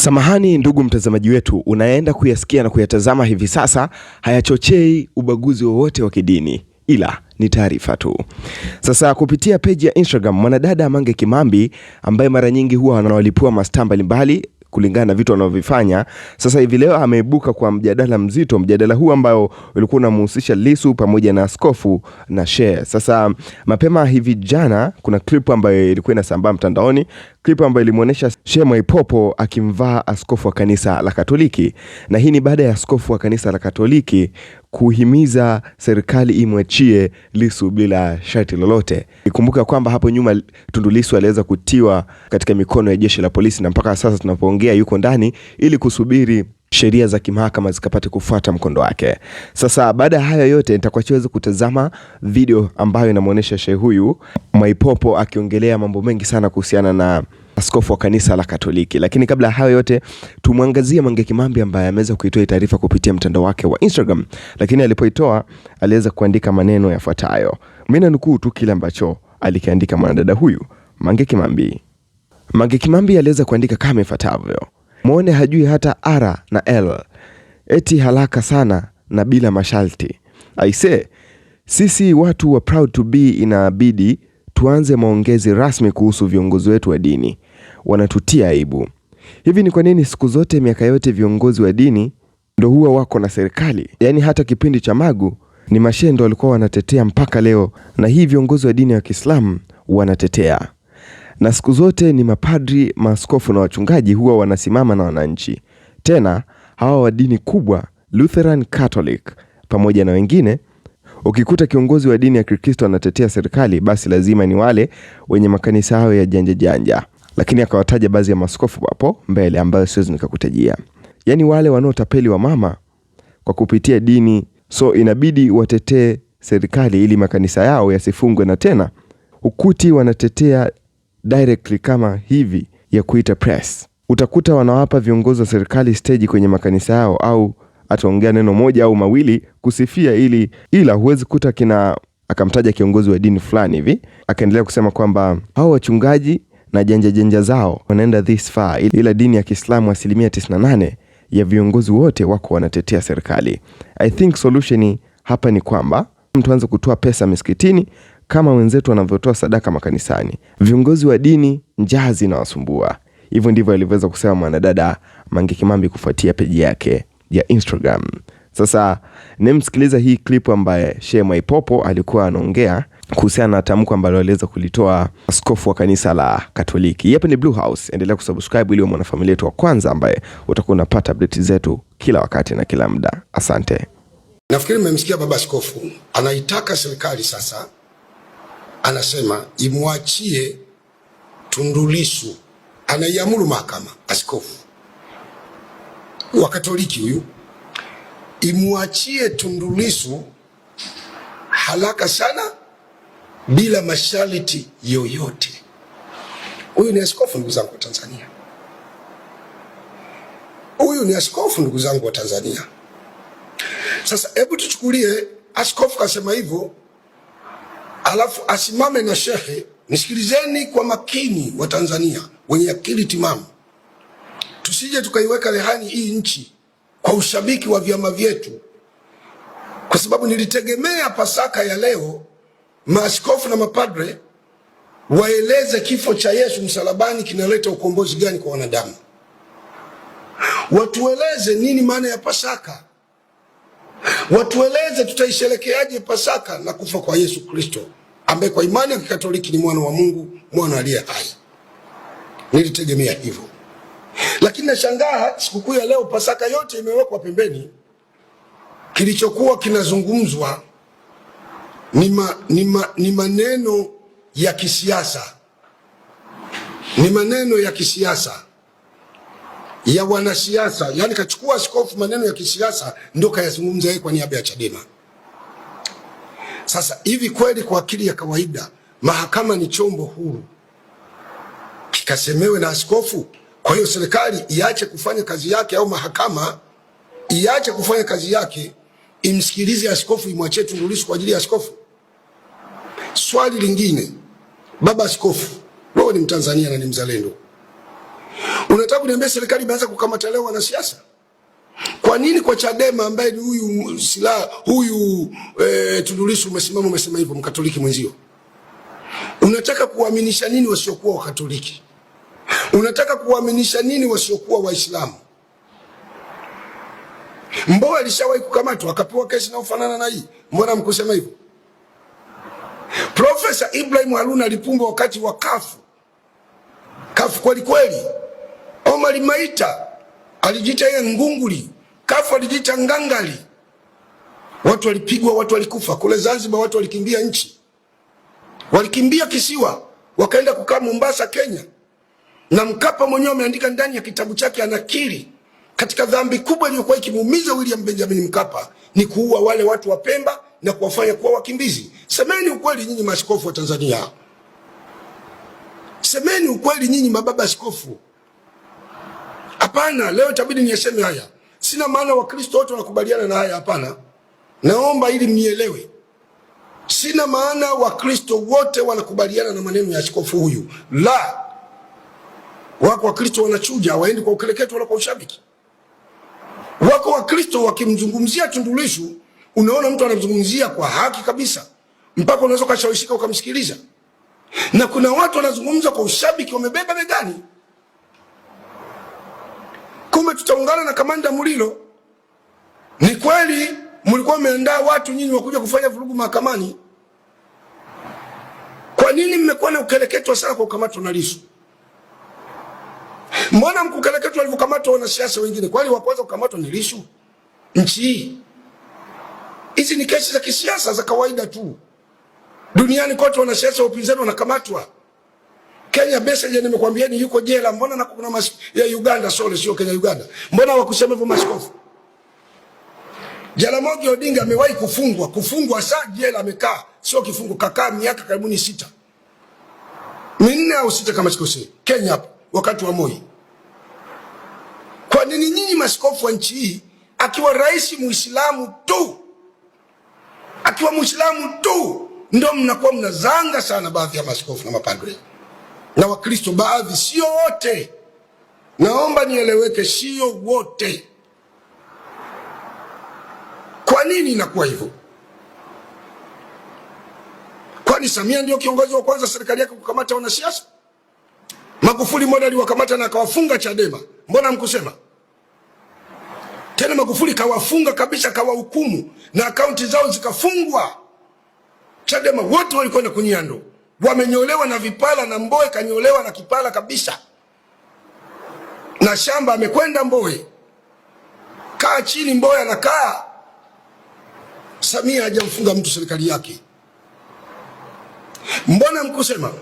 Samahani ndugu mtazamaji wetu, unaenda kuyasikia na kuyatazama hivi sasa hayachochei ubaguzi wowote wa kidini, ila ni taarifa tu. Sasa kupitia peji ya Instagram, mwanadada Mange Kimambi ambaye mara nyingi huwa anawalipua mastaa mbalimbali kulingana na vitu anavyofanya. sasa hivi. Leo ameibuka kwa mjadala mzito, mjadala huu ambao ulikuwa unamhusisha Lissu pamoja na askofu na Shehe. Sasa mapema hivi jana, kuna clip ambayo ilikuwa inasambaa mtandaoni, clip ambayo ilimuonesha Shehe Mwaipopo akimvaa askofu wa kanisa la Katoliki, na hii ni baada ya askofu wa kanisa la Katoliki kuhimiza serikali imwachie Lissu bila sharti lolote. Ikumbuka kwamba hapo nyuma Tundu Lissu aliweza kutiwa katika mikono ya jeshi la polisi na mpaka sasa tunapoongea yuko ndani ili kusubiri sheria za kimahakama zikapate kufuata mkondo wake. Sasa baada ya hayo yote, nitakuwa kutazama video ambayo inamwonyesha shehe huyu Mwaipopo akiongelea mambo mengi sana kuhusiana na askofu wa kanisa la Katoliki. Lakini kabla ya hayo yote, tumwangazie Mange Kimambi ambaye ameweza kuitoa taarifa kupitia mtandao wake wa Instagram, lakini alipoitoa aliweza kuandika maneno yafuatayo. Mimi nanukuu tu kile ambacho alikiandika mwanadada huyu Mange Kimambi. Mange Kimambi aliweza kuandika kama ifuatavyo: mwone hajui hata R na L, eti haraka sana na bila masharti. Aise, sisi watu wa proud to be inabidi tuanze maongezi rasmi kuhusu viongozi wetu wa dini wanatutia aibu. Hivi ni kwa nini siku zote miaka yote viongozi wa dini ndo huwa wako na serikali? Yaani hata kipindi cha Magu ni mashehe ndo walikuwa wanatetea mpaka leo, na hii viongozi wa dini ya Kiislamu wanatetea, na siku zote ni mapadri, maaskofu na wachungaji huwa wanasimama na wananchi. Tena hawa wa dini kubwa Lutheran, Catholic pamoja na wengine Ukikuta kiongozi wa dini ya Kikristo anatetea serikali, basi lazima ni wale wenye makanisa hayo ya janja janja lakini akawataja baadhi ya maskofu hapo mbele ambayo siwezi nikakutajia, yaani wale wanaotapeli wa mama kwa kupitia dini. So inabidi watetee serikali ili makanisa yao yasifungwe, na tena ukuti wanatetea directly kama hivi ya kuita press. Utakuta wanawapa viongozi wa serikali steji kwenye makanisa yao, au ataongea neno moja au mawili kusifia ili, ila huwezi kuta kina akamtaja kiongozi wa dini fulani hivi akaendelea kusema kwamba hao wachungaji na janja janja zao wanaenda this far, ila dini ya Kiislamu asilimia 98 ya viongozi wote wako wanatetea serikali. I think solution hapa ni kwamba mtu anze kutoa pesa misikitini kama wenzetu wanavyotoa sadaka makanisani. Viongozi wa dini njaa zinawasumbua. Hivyo ndivyo alivyoweza kusema mwanadada Mange Kimambi kufuatia peji yake ya Instagram. Sasa nimsikiliza hii klipu ambaye Shemaipopo alikuwa anaongea kuhusiana na tamko ambalo aliweza kulitoa askofu wa kanisa la Katoliki. hapa ni Blue House, endelea kusubscribe ili uwe mwanafamilia yetu wa kwanza ambaye utakuwa unapata update zetu kila wakati na kila muda. Asante. Nafikiri mmemsikia baba askofu anaitaka serikali sasa, anasema imwachie Tundu Lissu, anaiamuru mahakama, askofu wa Katoliki huyu imwachie Tundu Lissu haraka sana bila masharti yoyote. Huyu ni askofu, ndugu zangu wa Tanzania. Huyu ni askofu, ndugu zangu wa Tanzania. Sasa hebu tuchukulie askofu kasema hivyo, alafu asimame na shehe. Nisikilizeni kwa makini, wa Tanzania wenye akili timamu, tusije tukaiweka rehani hii nchi kwa ushabiki wa vyama vyetu, kwa sababu nilitegemea Pasaka ya leo maaskofu na mapadre waeleze kifo cha Yesu msalabani kinaleta ukombozi gani kwa wanadamu, watueleze nini maana ya Pasaka, watueleze tutaisherekeaje Pasaka na kufa kwa Yesu Kristo ambaye kwa imani ya Kikatoliki ni mwana wa Mungu, mwana aliye hai. Nilitegemea hivyo, lakini nashangaa sikukuu ya leo Pasaka yote imewekwa pembeni, kilichokuwa kinazungumzwa ni, ma, ni, ma, ni maneno ya kisiasa, ni maneno ya kisiasa ya wanasiasa. Yani kachukua askofu maneno ya kisiasa ndio kayazungumza yeye kwa niaba ya Chadema. Sasa hivi kweli, kwa akili ya kawaida, mahakama ni chombo huru kikasemewe na askofu? Kwa hiyo serikali iache kufanya kazi yake, au mahakama iache kufanya kazi yake, imsikilize askofu, imwachie Tundu Lissu kwa ajili ya askofu? Swali lingine, baba askofu, wewe ni Mtanzania na ni mzalendo, unataka kuniambia serikali imeanza kukamata leo wanasiasa? Kwa nini kwa Chadema ambaye ni huyu silaha huyu e, Tundu Lissu umesimama umesema hivyo, mkatoliki mwenzio? Unataka kuwaaminisha nini wasiokuwa Wakatoliki? Unataka kuwaaminisha nini wasiokuwa Waislamu? Mbowe alishawahi kukamatwa akapewa kesi inayofanana na hii, mbona mkusema hivyo? Profesa Ibrahim Haruna Lipumba wakati wa kafu kafu, kweli kweli. Omar Maita alijiita yeye ngunguli, kafu alijiita ngangali. Watu walipigwa, watu walikufa kule Zanzibar, watu walikimbia nchi, walikimbia kisiwa, wakaenda kukaa Mombasa, Kenya. Na Mkapa mwenyewe ameandika ndani ya kitabu chake, anakiri katika dhambi kubwa iliyokuwa ikimuumiza William Benjamin Mkapa ni kuua wale watu wa Pemba na kuwafanya kuwa wakimbizi. Semeni ukweli nyinyi maaskofu wa Tanzania, semeni ukweli nyinyi mababa askofu. Hapana, leo itabidi niyaseme haya. Sina maana Wakristo wote wanakubaliana na haya, hapana. Naomba ili mnielewe, sina maana Wakristo wote wanakubaliana na maneno ya askofu huyu, la. Wako Wakristo wanachuja, waendi kwa ukereketo wala kwa ushabiki. Wako Wakristo wakimzungumzia Tundu Lissu unaona mtu anazungumzia kwa haki kabisa, mpaka unaweza ukashawishika ukamsikiliza. Na kuna watu wanazungumza kwa ushabiki, wamebeba begani. Kumbe tutaungana na kamanda Mulilo. Ni kweli mlikuwa mmeandaa watu nyinyi wakuja kufanya vurugu mahakamani. Kwa nini mmekuwa na ukeleketwa sana kwa kukamatwa na Lissu? Mbona mkukeleketwa alivyokamatwa wanasiasa wengine? Kwani wa kwanza kukamatwa ni Lissu nchi hii? Hizi ni kesi za kisiasa za kawaida tu. Duniani kote wanasiasa wa upinzani wanakamatwa. Kenya Besigye ni yuko jela, mbona na kuna mas ya Uganda sole sio Kenya Uganda. Mbona wakusema hivyo maskofu? Jaramogi Odinga amewahi kufungwa, kufungwa saa jela amekaa, sio kifungo kakaa miaka karibu ni sita. Minne au sita kama sikosei. Kenya hapo wakati wa Moi. Kwa nini nyinyi maskofu wa nchi hii akiwa rais Muislamu tu akiwa Muislamu tu ndo mnakuwa mnazanga sana, baadhi ya maskofu na mapadre na Wakristo baadhi, sio wote. Naomba nieleweke, sio wote. Kwa nini inakuwa hivyo? Kwani Samia ndio kiongozi wa kwanza serikali yake kukamata wanasiasa? Magufuli moja aliwakamata na akawafunga Chadema, mbona mkusema tena Magufuli kawafunga kabisa, kawahukumu na akaunti zao zikafungwa. Chadema wote walikwenda kunyando, wamenyolewa na vipala, na mboe kanyolewa na kipala kabisa, na shamba amekwenda mboe Kaa chini, mboe anakaa. Samia hajamfunga mtu serikali yake, mbona mkusema